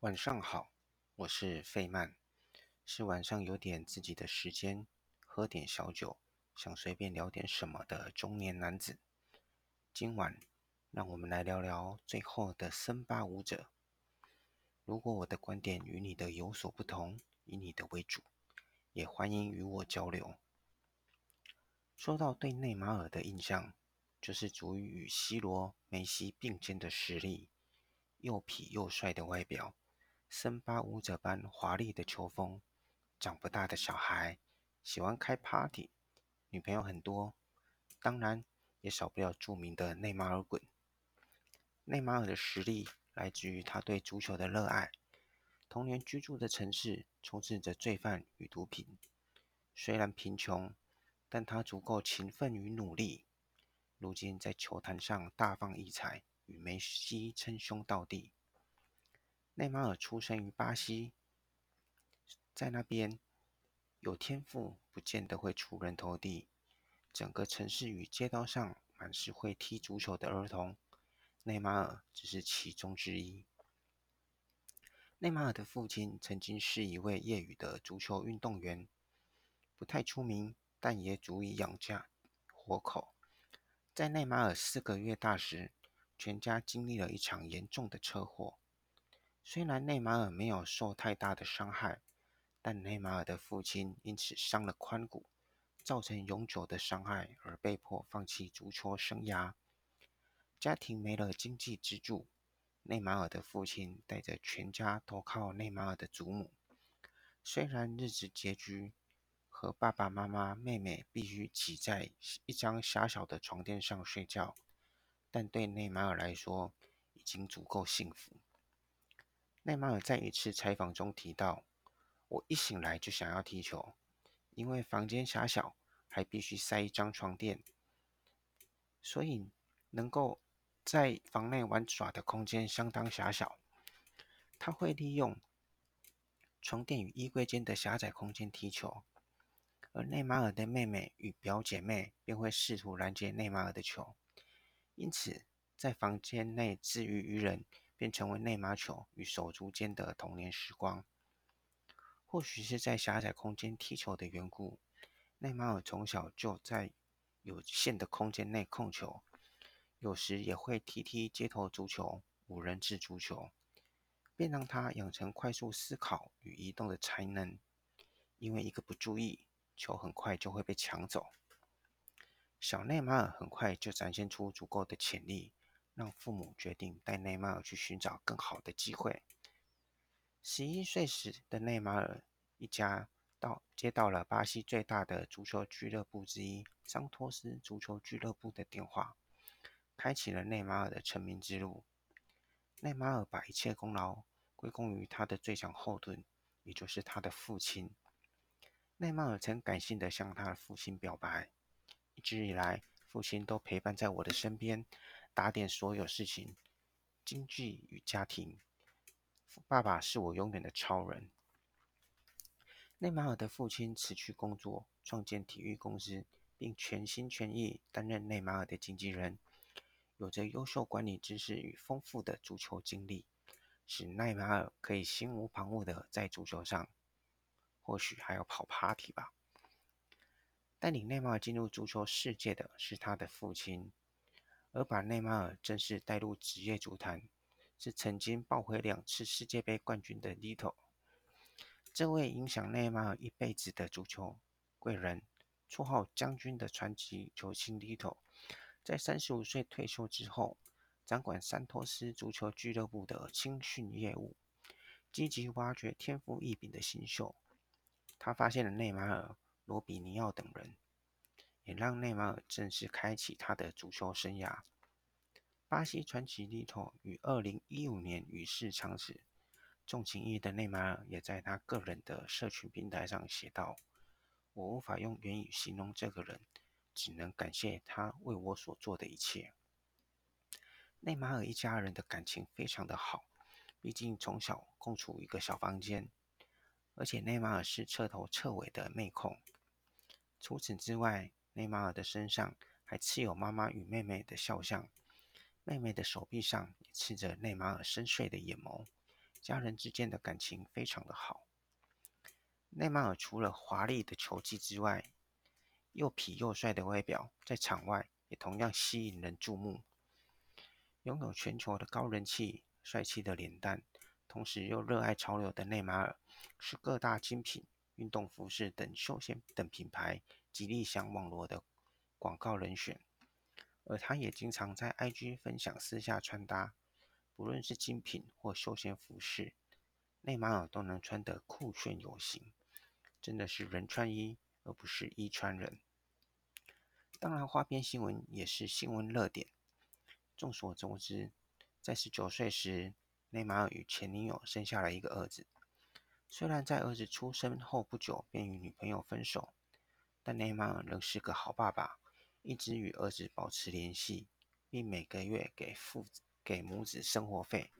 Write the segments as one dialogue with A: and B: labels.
A: 晚上好，我是費曼，是晚上有點自己的時間，喝點小酒，想隨便聊點什麼的中年男子。今晚讓我們來聊聊最後的森巴舞者。如果我的觀點與你的有所不同，以你的為主，也歡迎與我交流。說到對內馬爾的印象，就是足以與 C 羅、梅西並肩的實力，又痞又帥的外表。森巴舞者般華麗的球風，長不大的小孩，喜歡開 party，女朋友很多，當然也少不了著名的內馬爾滾。內馬爾的實力來自於他對足球的熱愛。童年居住的城市充斥着罪犯與毒品，雖然貧窮，但他足夠勤奮與努力。如今在球壇上大放異彩，與梅西稱兄道弟。內馬爾出生於巴西，在那邊有天賦不見得會出人頭地。整個城市與街道上滿是會踢足球的兒童，內馬爾只是其中之一。內馬爾的父親曾經是一位業餘的足球運動員，不太出名，但也足以養家活口。在內馬爾四個月大時，全家經歷了一場嚴重的車禍。雖然內馬爾沒有受太大的傷害，但內馬爾的父親因此傷了髖骨，造成永久的傷害，而被迫放棄足球生涯。家庭沒了經濟支柱，內馬爾的父親帶着全家投靠內馬爾的祖母。雖然日子拮據，和爸爸媽媽、妹妹必須擠在一張狹小的床墊上睡覺，但對內馬爾來說，已經足夠幸福。內馬爾在一次採訪中提到：“我一醒來就想要踢球，因為房間狹小，還必須塞一張床墊，所以能夠在房內玩耍的空間相當狹小。他會利用床墊與衣櫃間的狹窄空間踢球，而內馬爾的妹妹與表姐妹便會試圖攔截內馬爾的球，因此在房間內自娛娛人。”便成為內馬爾與手足間的童年時光。或許是在狹窄空間踢球的緣故，內馬爾從小就在有限的空間內控球，有時也會踢踢街頭足球、五人制足球，便讓他養成快速思考與移動的才能。因為一個不注意，球很快就會被搶走。小內馬爾很快就展現出足夠的潛力。讓父母決定帶內馬爾去尋找更好的機會。十一歲時的內馬爾一家到接到了巴西最大的足球俱樂部之一，桑托斯足球俱樂部的電話，開啟了內馬爾的成名之路。內馬爾把一切功勞歸功於他的最強後盾，也就是他的父親。內馬爾曾感性的向他的父親表白：“一直以來，父親都陪伴在我的身邊。”打點所有事情，經濟與家庭。爸爸是我永遠的超人。內馬爾的父親辭去工作，創建體育公司，並全心全意擔任內馬爾的經紀人，有着優秀管理知識與豐富的足球經歷，使內馬爾可以心無旁騖的在足球上，或許還要跑 Party 吧。帶領內馬爾進入足球世界的是他的父親。而把內馬爾正式帶入職業足壇，是曾經抱回兩次世界杯冠軍的 Lito。這位影響內馬爾一輩子的足球貴人，綽號“將軍”的傳奇球星 Lito，在三十五歲退休之後，掌管桑托斯足球俱樂部的青訓業務，積極挖掘天賦異稟的新秀。他發現了內馬爾、羅比尼奧等人。也讓內馬爾正式開啟他的足球生涯。巴西傳奇利托於二零一五年與世長辭，重情義的內馬爾也在他個人的社群平台上寫道：“我無法用言語形容這個人，只能感謝他為我所做的一切。”內馬爾一家人的感情非常的好，畢竟從小共處一個小房間，而且內馬爾是徹頭徹尾的妹控。除此之外，內馬爾的身上還刺有媽媽與妹妹的肖像，妹妹的手臂上也刺着內馬爾深邃的眼眸。家人之間的感情非常的好。內馬爾除了華麗的球技之外，又痞又帥的外表，在場外也同樣吸引人注目。擁有全球的高人氣、帥氣的臉蛋，同時又熱愛潮流的內馬爾，是各大精品、運動服飾等休閒等品牌。極力想網羅的廣告人選，而他也經常在 IG 分享私下穿搭，不論是精品或休閒服飾，內馬爾都能穿得酷炫有型，真的是人穿衣而不是衣穿人。當然，花邊新聞也是新聞熱點。眾所周知，在十九歲時，內馬爾與前女友生下了一個兒子，雖然在兒子出生後不久便與女朋友分手。但內馬爾仍是個好爸爸，一直與兒子保持聯繫，並每個月給父給母子生活費。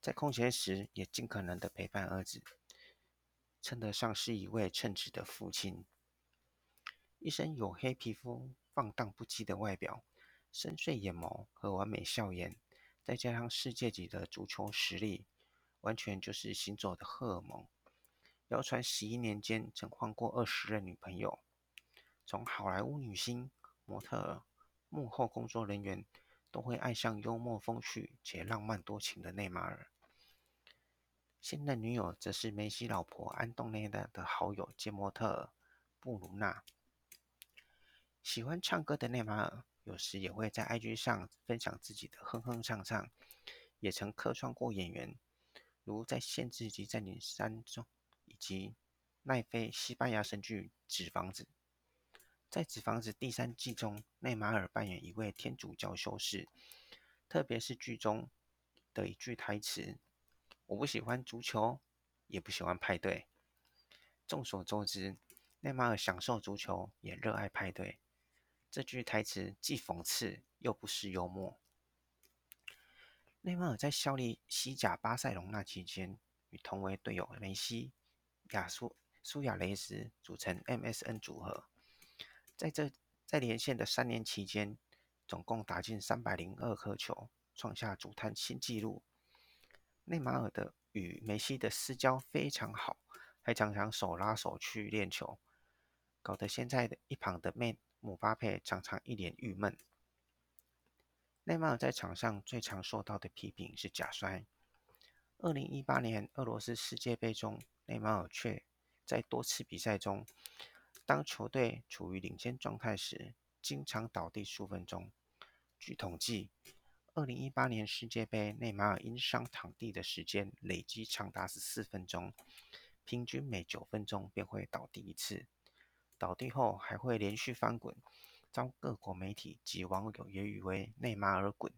A: 在空閒時也盡可能的陪伴兒子，稱得上是一位稱職的父親。一身黝黑皮膚、放蕩不羈的外表，深邃眼眸和完美笑顏，再加上世界級的足球實力，完全就是行走的荷爾蒙。謠傳十一年間曾換過二十任女朋友。從好萊塢女星、模特兒、幕後工作人員，都會愛上幽默風趣且浪漫多情的內馬爾。現任女友則是梅西老婆安東內拉的好友兼模特兒布魯娜。喜歡唱歌的內馬爾，有時也會在 IG 上分享自己的哼哼唱唱。也曾客串過演員，如在《限制級戰警3》中以及奈飛西班牙神劇《紙房子》。在《紙房子》第三季中，內馬爾扮演一位天主教修士。特別是劇中的一句台詞：“我不喜歡足球，也不喜歡派對。”眾所周知，內馬爾享受足球，也熱愛派對。這句台詞既諷刺又不失幽默。內馬爾在效力西甲巴塞羅那期間，與同為隊友梅西、亞蘇蘇亞雷斯組成 MSN 組合。在這在連線的三年期間，總共打進三百零二顆球，創下足壇新紀錄。內馬爾的與梅西的私交非常好，還常常手拉手去練球，搞得現在的一旁的妹姆巴佩常常一臉鬱悶。內馬爾在場上最常受到的批評是假摔。二零一八年俄羅斯世界杯中，內馬爾卻在多次比賽中。當球隊處於領先狀態時，經常倒地數分鐘。據統計，二零一八年世界杯，內馬爾因傷躺地的時間累積長達十四分鐘，平均每九分鐘便會倒地一次。倒地後還會連續翻滾，遭各國媒體及網友揶揄為“內馬爾滾”。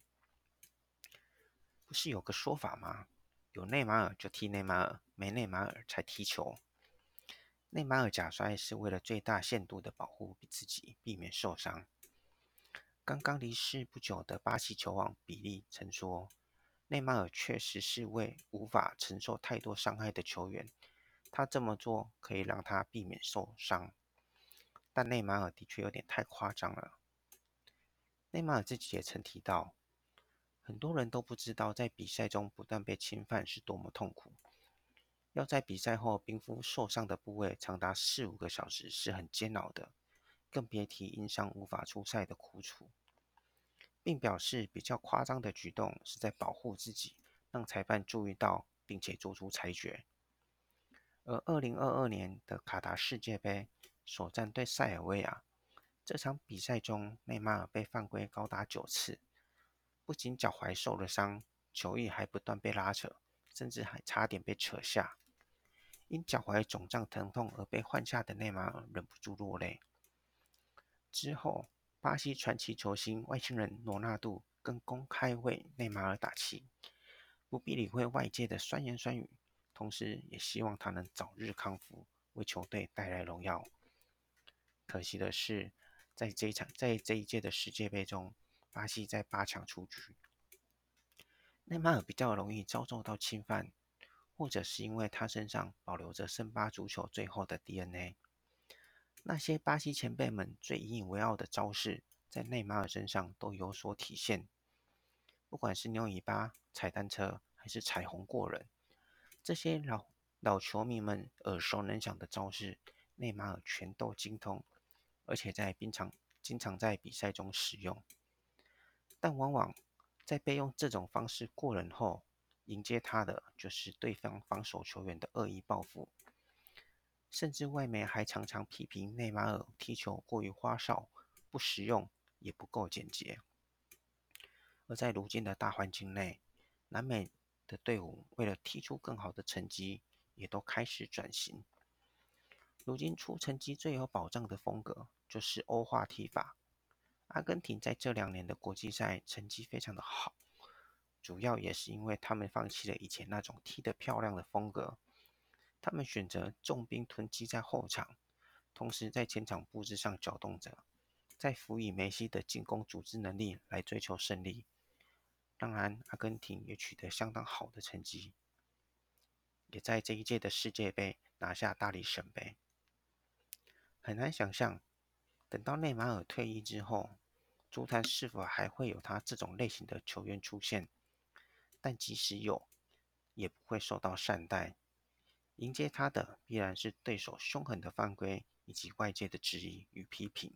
A: 不是有個說法嗎？有內馬爾就踢內馬爾，沒內馬爾才踢球。內馬爾假摔是為了最大限度的保護自己，避免受傷。剛剛離世不久的巴西球王比利曾說：“內馬爾確實是位無法承受太多傷害的球員，他這麼做可以讓他避免受傷。”但內馬爾的確有點太誇張了。內馬爾自己也曾提到，很多人都不知道在比賽中不斷被侵犯是多麼痛苦。要在比賽後冰敷受傷的部位長達四五個小時是很煎熬的，更別提因傷無法出賽的苦楚。並表示比較誇張的舉動是在保護自己，讓裁判注意到，並且做出裁決。而2022年的卡達世界杯，首戰對塞爾維亞這場比賽中，內馬爾被犯規高達九次，不僅腳踝受了傷，球衣還不斷被拉扯，甚至還差點被扯下。因腳踝腫脹疼痛而被換下的內馬爾忍不住落淚。之後，巴西傳奇球星外星人羅納度更公開為內馬爾打氣，不必理會外界的酸言酸語，同時也希望他能早日康復，為球隊帶來榮耀。可惜的是，在這一場，在這一屆的世界杯中，巴西在八強出局。內馬爾比較容易遭受到侵犯。或者是因為他身上保留着森巴足球最後的 DNA，那些巴西前輩們最引以為傲的招式，在內馬爾身上都有所體現。不管是牛尾巴、踩單車，還是彩虹過人，這些老老球迷們耳熟能詳的招式，內馬爾全都精通，而且在冰場經常在比賽中使用。但往往在被用這種方式過人後，迎接他的就是對方防守球員的惡意報復，甚至外媒還常常批評內馬爾踢球過於花哨、不實用，也不夠簡潔。而在如今的大環境內，南美的隊伍為了踢出更好的成績，也都開始轉型。如今出成績最有保障的風格就是歐化踢法。阿根廷在這兩年的國際賽成績非常的好。主要也是因為他們放棄了以前那種踢得漂亮的風格，他們選擇重兵囤積在後場，同時在前場布置上攪動着再輔以梅西的進攻組織能力來追求勝利。當然，阿根廷也取得相當好的成績，也在這一屆的世界杯拿下大力神杯。很難想象，等到內馬爾退役之後，足壇是否還會有他這種類型的球員出現？但即使有，也不會受到善待。迎接他的必然是對手兇狠的犯規，以及外界的質疑與批評。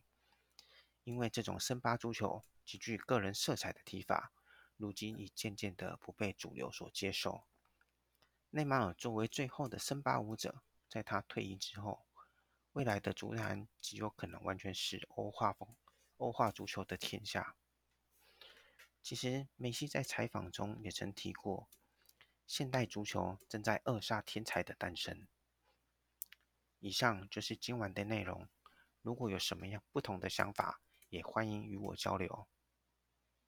A: 因為這種森巴足球極具個人色彩的踢法，如今已漸漸的不被主流所接受。內馬爾作為最後的森巴舞者，在他退役之後，未來的足壇極有可能完全是歐化風、歐化足球的天下。其實梅西在採訪中也曾提過，現代足球正在扼殺天才的誕生。以上就是今晚的內容，如果有什麼樣不同的想法，也歡迎與我交流。